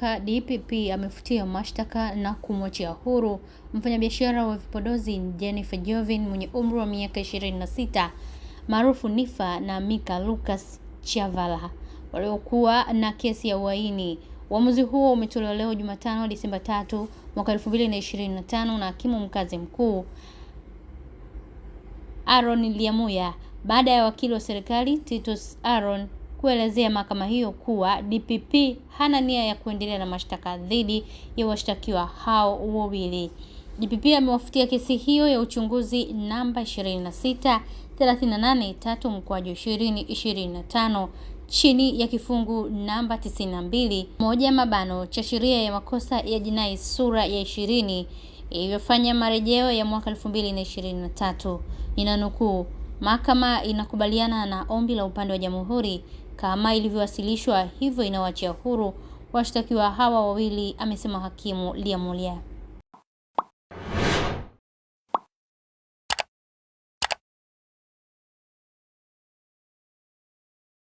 Ka DPP amefutia mashtaka na kumwachia huru mfanyabiashara wa vipodozi Jennifer Jovin mwenye umri wa miaka 26 maarufu nifa na Mika Lucas Chavala waliokuwa na kesi ya uhaini. Uamuzi huo umetolewa leo Jumatano Disemba 3 mwaka 2025 na hakimu mkazi mkuu Aaron Liamuya baada ya wakili wa serikali Titus Aaron kuelezea mahakama hiyo kuwa DPP hana nia ya kuendelea na mashtaka dhidi ya washtakiwa hao wawili. DPP amewafutia kesi hiyo ya uchunguzi namba 26383 38 3 mkwaju 20 chini ya kifungu namba 92 moja mabano cha sheria ya makosa ya jinai sura ya ishirini iliyofanya marejeo ya mwaka 2023 nukuu Mahakama inakubaliana na ombi la upande wa Jamhuri kama ilivyowasilishwa, hivyo inawaachia huru washtakiwa hawa wawili, amesema hakimu Liamulia. Mulia.